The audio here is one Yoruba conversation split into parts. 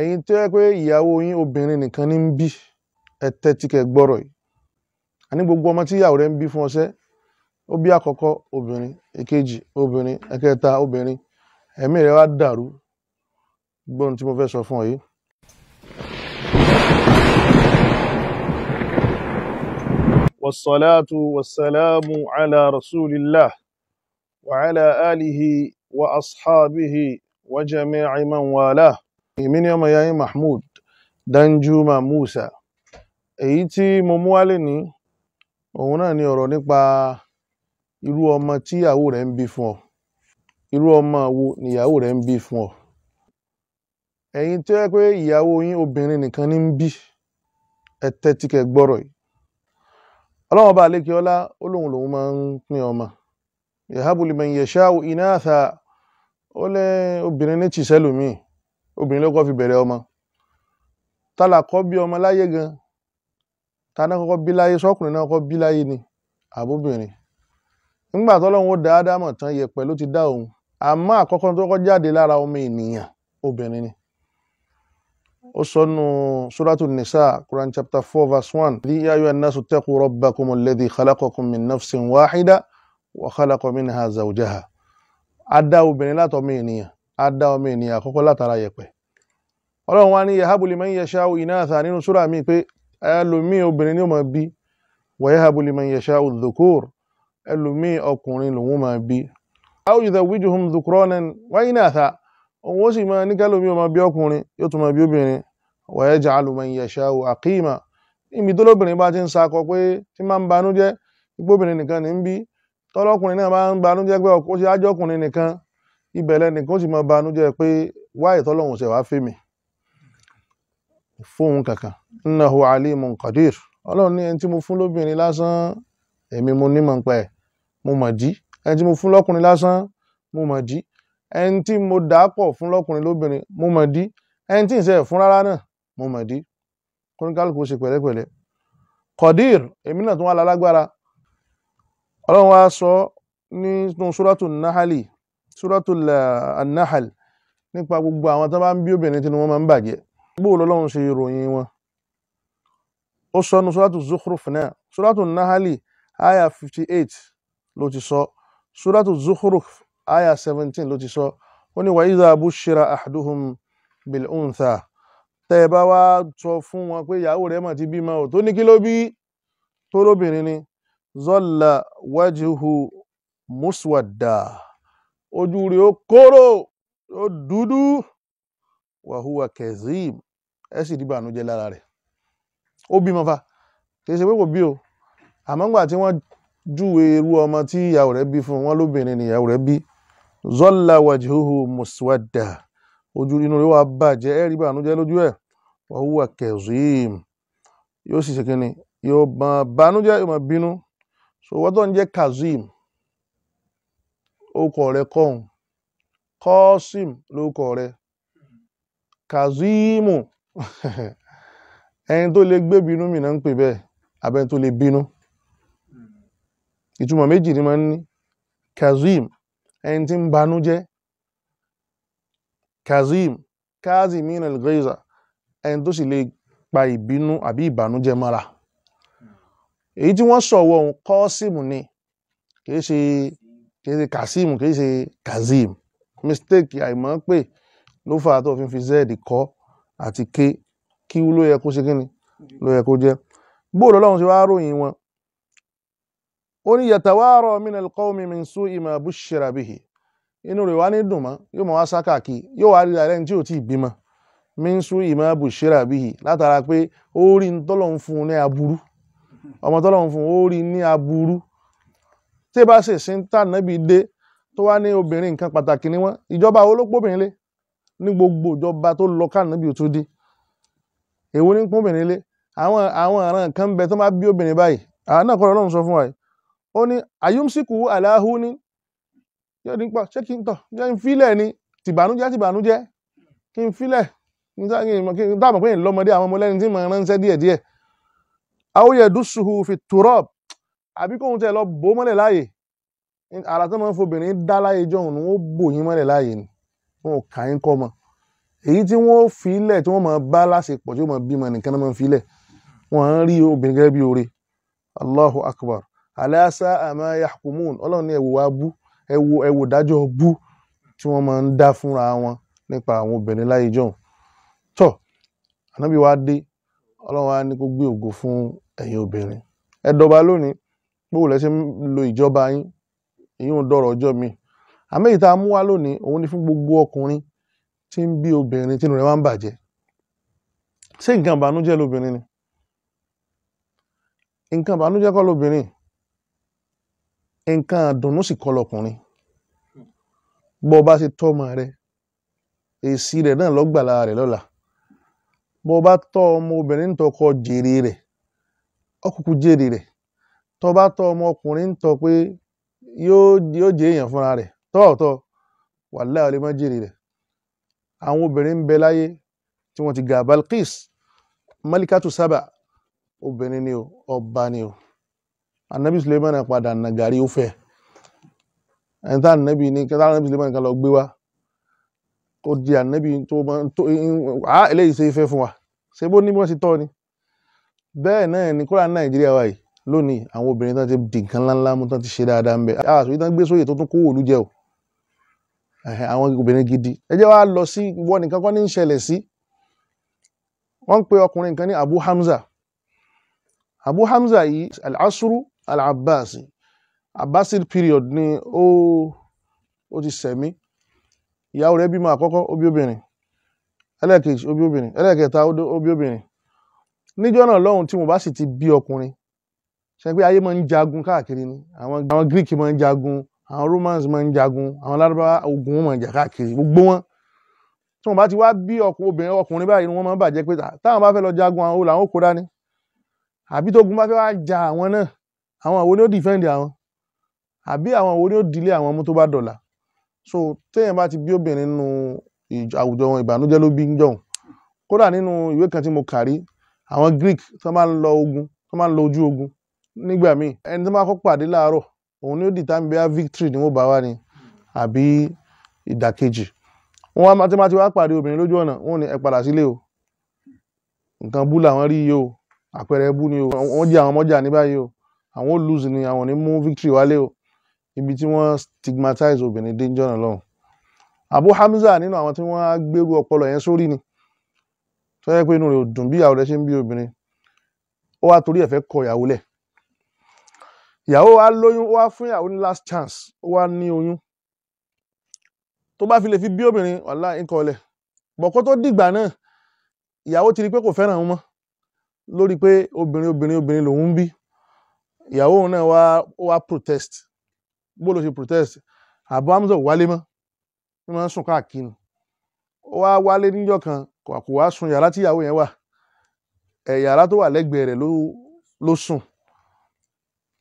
ẹ̀yin tó yẹ pé ìyàwó yín obìnrin nìkan ní ń bí ẹ tẹ́tí kẹ́ gbọ́rọ̀ yìí àní gbogbo ọmọ tí ìyàwó rẹ ń bí fún ọṣẹ́ ó bí àkọ́kọ́ obìnrin èkejì obìnrin ẹ̀kẹta obìnrin ẹ̀mí rẹ wá dàrú gbọ́n tí mo fẹ́ sọ fún ọ yìí. èmi ní ọmọ yayin Mahmood Danjuma Musa èyí tí mo mú wálé ní òun náà ni ọ̀rọ̀ nípa irú ọmọ tí ìyàwó rẹ̀ ń bí fún ọ irú ọmọ wo ni ìyàwó rẹ̀ ń bí fún ọ ẹ̀yin tó yẹ pé ìyàwó yín obìnrin nìkan ní ń bí ẹ tẹ́tí kẹ́ gbọ́rọ̀ yìí ọlọ́run ọba àlékè ọlá ó lóun lòun máa ń pín ọmọ yahabu liman yasha'u inatha ó lé obìnrin ní tìṣẹ́lùmíì obìnrin ló kọ́kọ́ fi bẹ̀rẹ̀ ọmọ tálà kọ́ bí ọmọ láyé gan tàná kọ́kọ́ bí láyé sọ́kùnrin náà kọ́ bí láyé ni àbóbìnrin nígbà tọ́lọ́run ó dá ádámọ̀ tán yẹ̀pẹ̀ ló ti dá òun àmọ́ àkọ́kọ́ tó kọ́ jáde lára ọmọ ènìyàn obìnrin ni ó sọ nù suratu nisa quran chapter four verse one ní ya ayyuhan nasu ttaqu rabbakum alladhi khalaqakum min nafsin wahida wa khalaqa minha zawjaha adá obìnrin látọmọ ènìyàn á dá ọmọ ènìyàn àkọ́kọ́ látara yẹ̀pẹ̀ ọlọ́run wá ní yahabuli man yasha'u inatha nínú súrà mi pé ẹlòmíì obìnrin ni ó máa bí wa yahabuli man yasha'u dhukur ẹlòmíì ọkùnrin lòun máa bí aw yuzawwijuhum dhukranan wa inatha òun ó sì máa ní kẹlòmíì ó máa bí ọkùnrin yóò tún máa bí obìnrin wa ma. man yasha'u tó lóbìnrin bá ti ń sakọ pé tí máa ń banújẹ́ nìkan ní ń bí tọ́lọ́kùnrin náà máa ń banújẹ́ pé ó ṣe ájọ́kùnrin nìkan ibẹ̀ lẹ́nìkan sì máa banújẹ́ pé wáyé tọ́lọ́hun ṣe wá fèmí fóun kankan innahu alimun qadir ọlọ́run ní ẹni tí mo fún lóbìnrin lásán èmi mo nímọ̀ ń pẹ́ mo mọ̀ dí ẹni tí mo fún lọ́kùnrin lásán mo mọ̀ dí ẹni tí mo dàápọ̀ fún lọ́kùnrin lóbìnrin mo mọ̀ dí ẹni tí ń ṣe fún rárá náà mo mọ̀ dí kóníkálùkù ṣe pẹ̀lẹ́pẹ̀lẹ́ qadir èmi náà tún wà lálágbára ọlọ́run wa sọ nínú suratu nahali Suratul eh, An-Nahl nípa gbogbo àwọn tó bá ń bí obìnrin tí wọ́n máa ń bàjẹ́ gbóòlò lọ́hùn ṣe ìròyìn wọn ó sọ nu Suratul Zukhruf náà Suratul Nahl aya 58 ló ti sọ Suratul Zukhruf aya 17 ló ti sọ ó ní wa idha bushira ahaduhum bil untha tẹ́ ẹ bá wá sọ fún wọn pé ìyàwó rẹ̀ mà ti bímọ ò tó ní kí ló bí tó lóbìnrin ni zalla wajhu muswadda ojú rẹ̀ ó kóró ó dúdú wàhùwà kẹzim ẹ sì rí ìbànújẹ́ lára rẹ̀ ó bímọ fa kìí ṣe pé kò bí o àmọ́ ńgbà tí wọ́n júwe irú ọmọ tí ìyàwó rẹ̀ bí fún wọn lóbìnrin nìyàwó rẹ̀ bí zọ́là wàjúhù muswadda ojú inú rẹ̀ wà bàjẹ́ ẹ rí ìbànújẹ́ lójú ẹ̀ wàhùwà kẹzim yóò sì ṣe kí yóò bànújẹ́ yóò máa bínú so tó ń jẹ́ kazim orúkọ rẹ kọ́hùn kọ́sìm lórúkọ rẹ kazimu ẹni tó lè gbé bínú mìíràn ń pè bẹ́ẹ̀ abẹ́ni tó lè bínú ìtumọ̀ méjì ni máa ń ní kazim ẹni tí ń banú jẹ́ kazim kazimin al-ghayza ẹni tó sì lè pa ìbínú àbí ìbànújẹ́ mọ́ra èyí tí wọ́n sọ̀wọ́ ohun kọ́sìmù ni kìí ṣe kìí ṣe kazeem kìí ṣe kazeem mistake àìmọ́ pé ló fà á tó fi fi z kọ́ àti k kí ló yẹ kó ṣe kí ni ló yẹ kó jẹ́ bóòlù ọlọ́run ṣe wá ròyìn wọn ó ní yatawara minal qawmi min su'i ma bushira bihi inú rẹ̀ wá ní dùn mọ́ yóò mọ̀ wá sá káàkiri yóò wá rí ara ẹni tí ò tí ì bímọ min su'i ma bushira bihi látara pé ó rí ní tọ́lọ̀ ń fún ní aburú ọmọ tọ́lọ̀ ń fún ó rí ní aburú tí bá sì sí ń tà nábì dé tó wá ní obìnrin nǹkan pàtàkì ni wọn ìjọba olópóbìnrin lé ní gbogbo ìjọba tó lọ ká nábì tó dé èwo ní póbìnrin lé àwọn àwọn àràn kan bẹ tó máa bí obìnrin báyìí àwọn náà kọ́ lọ́run sọ fún wa yìí ó ní àyùmsíkù aláhu ní yóò ní pọ̀ ṣé kí n tọ̀ jẹ́ ń filẹ̀ ni tìbànújẹ́ tìbànújẹ́ kí n filẹ̀ dáàmú pé ń lọ́mọdé àwọn ọmọ lẹ́ni tí mo ránṣẹ́ díẹ̀díẹ̀ àbí kóun tẹ̀ lọ bò mọ́lẹ̀ láàyè àrà tó máa ń fobìnrin dá láyé jọ̀hún ni wọ́n bò yín mọ́lẹ̀ láàyè ni wọn ò kà yín kọ́ mọ́ èyí tí wọ́n fi lẹ̀ tí wọ́n máa bá láṣepọ̀ tí wọ́n máa bímọ nìkan náà máa fi lẹ̀ wọ́n á rí obìnrin gẹ́gẹ́ bí oore Allahu akbar aláṣà àmà yahkumun ọlọ́run ní ẹ̀wò wa bú ẹ̀wò ẹ̀wò dájọ́ bú tí wọ́n máa ń dá fúnra wọn nípa àwọn obìnrin láyé jọ̀hún tọ́ ànábì dé ọlọ́run wa ní kó gbé ògo fún ẹ̀yin obìnrin ẹ̀dọ̀ba lónìí bóòlù ẹ ṣe ń lo ìjọba yín ìyún dọ̀rọ̀ ọjọ́ mi àmẹ́yìí tá a mú wá lónìí òun ni fún gbogbo ọkùnrin tí ń bí obìnrin tínú rẹ̀ máa ń bàjẹ́ ṣé nǹkan ìbànújẹ́ lóbìnrin ni nǹkan ìbànújẹ́ kọ́ lóbìnrin nǹkan àdùnnú sì kọ́ lọkùnrin bó bá ṣe tọ́ ọmọ rẹ èsì rẹ̀ náà lọ́gbàlá rẹ̀ lọ́la bó bá tọ́ ọmọ obìnrin tó jèrè rẹ̀ ọkùnkùn jèrè rẹ̀ tó bá tọ́ ọmọkùnrin ń tọ́ pé yóò jẹ́ èèyàn fúnra rẹ̀ tọ́ọ̀tọ́ wàláhì lè má jèrè rẹ̀ àwọn obìnrin ń bẹ láyé tí wọ́n ti ga Balqis Malikatu Saba obìnrin ni o ọba ni o anabi Suleiman padà nàgàrí ó fẹ́ ẹni tá anabi ní kí tá anabi Suleiman kan lọ gbé wá kó di anabi tó máa tó ah eléyìí ṣe é fẹ́ fún wa ṣé bó ní bí wọ́n tọ́ ni bẹ́ẹ̀ náà ní kúrò ní Nàìjíríà wáyìí lónìí àwọn obìnrin tán ti di nǹkan ńláńlá mú tán ti ṣe dáadáa ń bẹ àwọn ah, àṣòyí tán gbé sóyè tó tún kó wòlú o àwọn obìnrin gidi ẹ jẹ́ wá lọ sí wọn nìkan kọ́ ní ń ṣẹlẹ̀ sí wọ́n ń pe ọkùnrin kan ní Abu Hamza Abu Hamza yìí al-asru al-abbasi abbasid period ni ó ó ti sẹ̀mí ìyàwó rẹ̀ bímọ àkọ́kọ́ ó bí obìnrin ẹlẹ́ẹ̀kejì ó bí obìnrin ẹlẹ́ẹ̀kẹta ó bí obìnrin níjọ́ náà lọ́hùn tí mo bá sì ti bí ọkùnrin ṣe pé ayé máa ń jagun káàkiri ni àwọn greek máa ń jagun àwọn romans máa ń jagun àwọn lárúbáwá ogun wọn máa ń jà káàkiri gbogbo wọn tí wọn bá ti wá bí ọkùnrin ọkùnrin báyìí wọn máa ń bàjẹ́ pé táwọn bá fẹ́ lọ jagun àwọn olè àwọn ò kó dání àbí tógun bá fẹ́ wá ja àwọn náà àwọn àwọn ni ó dìfẹ́ǹdì àwọn àbí àwọn àwọn ni ó àwọn ọmọ tó bá dọ̀là so téèyàn bá ti bí obìnrin nínú àwùjọ wọn ìbànújẹ́ ló bí ń jọ̀hún kódà nínú ìwé kan tí mo kà àwọn greek tó máa ń lọ ogun tó máa ń lọ ojú ogun nígbà míì ẹni tó máa kọ́ pàdé láàárọ̀ òun ni ó dìtà bí i victory ni wọ́n bá wá ni àbí ìdàkejì wọn máa tí máa ti wá pàdé obìnrin lójú ọ̀nà wọn ni ẹ padà sílé o nǹkan bú làwọn rí yìí o àpẹẹrẹ bú ni o wọn jẹ àwọn ọmọjà ní báyìí o àwọn ò lose ni àwọn ò ní mú victory wálé o ibi tí wọ́n stigmatize obìnrin dé ń lọ́hùn Abu Hamza nínú àwọn tí wọ́n á gbèrú ọpọlọ yẹn sórí ni tó yẹ pé inú rẹ̀ ò dùn bí ìyàwó rẹ̀ ṣe ń bí obìnrin ó wá torí ẹ̀ kọ ìyàwó lẹ̀ ìyàwó wa lóyún wá fún ìyàwó ní last chance ó wá ní oyún tó bá fi lè fi bí obìnrin wàhálà nǹkan ọlẹ bọ̀kọ́ tó dìgbà náà ìyàwó ti rí pé kò fẹ́ràn òun mọ́ lórí pé obìnrin obìnrin obìnrin lòun ń bí ìyàwó òun náà wá wá protest bó ló ṣe protest àbọ̀ amúzọ̀ wálé mọ́ ní wọ́n ń sùn káàkiri ó wá wálé níjọ́ kan kò wá sun yàrá tí ìyàwó yẹn wà ẹ̀ yàrá tó wà lẹ́gbẹ̀ẹ́ rẹ̀ ló sùn.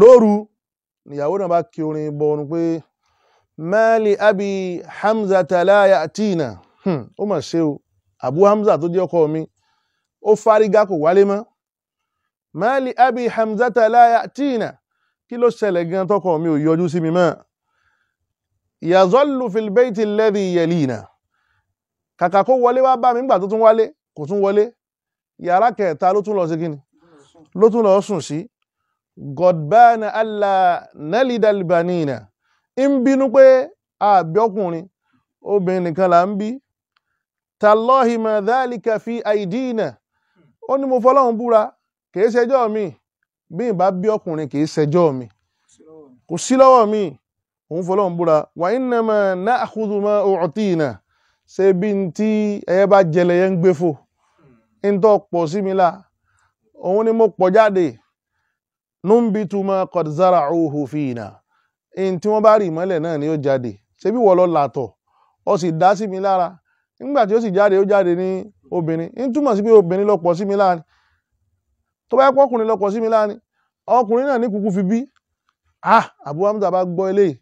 lóru níyàwó náà bá kí orin pé mali abi hamza talaya atina hmm, ó mà ṣe o abu hamza tó jẹ́ ọkọ mi ó fárígá kò wálé mọ́ mali abi hamza talaya tina kí ló ṣẹlẹ̀ gan tọkọ mi ò yọjú sí mi mọ́ yazọ́lù filibeiti lẹ́dí yẹlìnà kàkà kó wọlé wá bá mi nígbà tó tún wálé kò tún wọlé yàrá kẹta ló tún lọ sí kíni ló tún lọ sùn sí gọdbánà àlà nálìdàlìbànínà ń bínú pé àbíọkùnrin obìnrin nìkan là ń bí tàlọ́hì màdálìkà fi àìdínà ó ní mo fọlọ́run búra kìí ṣẹjọ́ mi bí n bí ọkùnrin kìí ṣẹjọ́ mi kò sí lọ́wọ́ mi òun fọlọ́run búra wà innama na'khudhu ma u'tina ṣe bí n tí ẹyẹ bá jẹlẹyẹ ń gbé fò ń tọ́ ni mo pọ̀ numbitu ma qad zara'uhu fina in tí wọ́n bá rí ìmọ́lẹ̀ náà ni ó jáde ṣé bí wọ́n lọ làtọ̀ ó sì dá sí mi lára nígbà tí ó sì jáde ó jáde ní obìnrin ń túmọ̀ sí pé obìnrin ló pọ̀ sí mi láàrin tó bá yẹ pé ọkùnrin ló pọ̀ sí mi láàrin ọkùnrin náà ní kúkú fi bí ah Abu Hamza bá gbọ́ eléyìí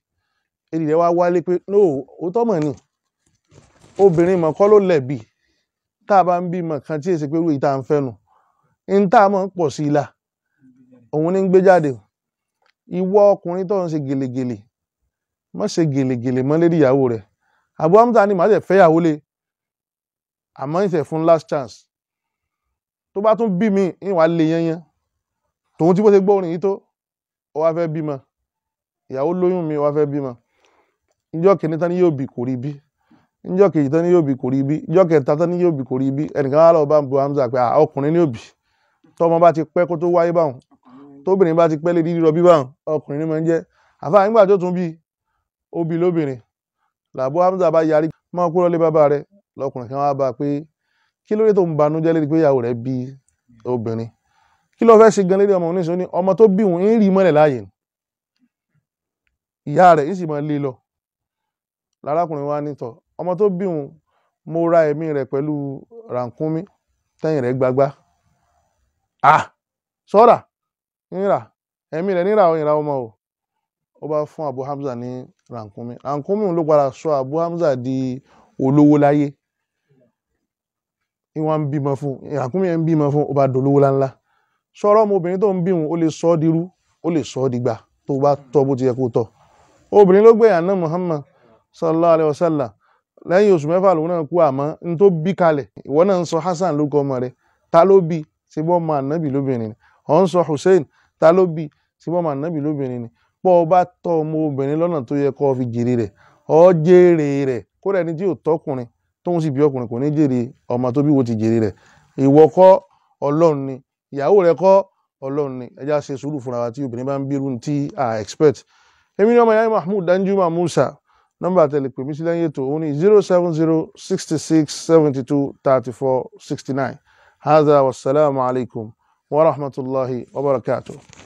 èdè rẹ̀ wá wálé pé no òótọ́ mọ̀ ni obìnrin mọ̀ kọ́ ló lẹ̀bi tá a bá ń bímọ kan tí èsì pé wíì tá a ń fẹ́ nu ń tá a mọ̀ ń pọ̀ sí i la òun ní ń gbé jáde ìwọ ọkùnrin tó ń ṣe gèlègèlè má ṣe gèlègèlè mọ́ lérí ìyàwó rẹ̀ Abu Hamza ni màá tẹ̀ fẹ́ ìyàwó le àmọ́ ìṣẹ̀ fún last chance tó bá tún bí mi ìwà lè yanyan tòun tí bó ṣe gbọ́ orin yìí tó ó wá fẹ́ bímọ ìyàwó lóyún mi ó wá fẹ́ bímọ ìjọ kìíní tán ni yóò bì kò rí bí ìjọ kejì tán ni yóò bì kò rí bí ìjọ kẹta tán ni yóò bì kò rí bí ẹnìkan wà lọ́wọ́ bá ń bu Hamza pé ọkùnrin ni yóò bì tọ́mọ bá ti pẹ́ kó tó wáyé báwọn tóbìnrin bá ti pẹ́lẹ́ dídírọ bíbá ọkùnrin ní máa ń jẹ́ àfáà nígbà tó tún bí obì lóbìnrin làbó Hamza bá yarí máa kúrò lé bàbá rẹ̀ lọkùnrin kan wá bá a pé kí ló dé tó ń banújẹ́ lérí pé ìyàwó rẹ̀ bí obìnrin kí ló fẹ́ ṣe gan lérí ọmọ oníṣòwò ni ọmọ tó bí òun ń rí mọ́lẹ̀ láàyè ìyá rẹ̀ ń sì máa lé lọ lárákùnrin wa nítọ̀ ọmọ tó bí òun mo ra ẹ̀mí rẹ̀ pẹ̀lú rànkúnmí tẹ́yìn rẹ̀ gbagbá ah sọ́ra níra ẹ̀mí rẹ̀ níra ìra ma o ó bá fún Abu Hamza ní rankumi rankumi ló padà sọ Abu Hamza di olówó láyé ìwọ̀n ń bímọ fún rànkúnmí ń bímọ fún ó bá dolówó láńlá sọ̀rọ̀ ọmọbìnrin tó ń bí ó lè sọ ọ dirú ó lè sọ dìgbà tó bá tọ bó ti yẹ kó tọ́ obìnrin ló Muhammad sallallahu alayhi wa sallam oṣù lòun náà kú n tó bí ìwọ náà ń Hasan lórúkọ ọmọ ta ló bí ṣe ọ̀ ń sọ Hussein ta ló bí sí bọ́mọ ànábì lóbìnrin ni bọ́ ọ bá tọ́ ọmọ obìnrin lọ́nà tó yẹ kó fi jèrè rẹ̀ ọ jèrè rẹ̀ kódà ẹni tí ò tọ́kùnrin tóun sì bí ọkùnrin kò ní jèrè ọmọ tó bí wo ti jèrè rẹ̀ ìwọ kọ́ ọlọ́run ni ìyàwó rẹ kọ́ ọlọ́run ni ẹja ṣe sùúrù fúnra wa tí obìnrin bá ń bírú tí a expect èmi ni ọmọ ìyá Mahmood Danjuma Musa nọ́mbà tẹlẹ pèmí sí lẹ́yìn ètò òun ni zero seven zero sixty six seventy two thirty four sixty nine hadha wasalaamu alaykum. ورحمة الله وبركاته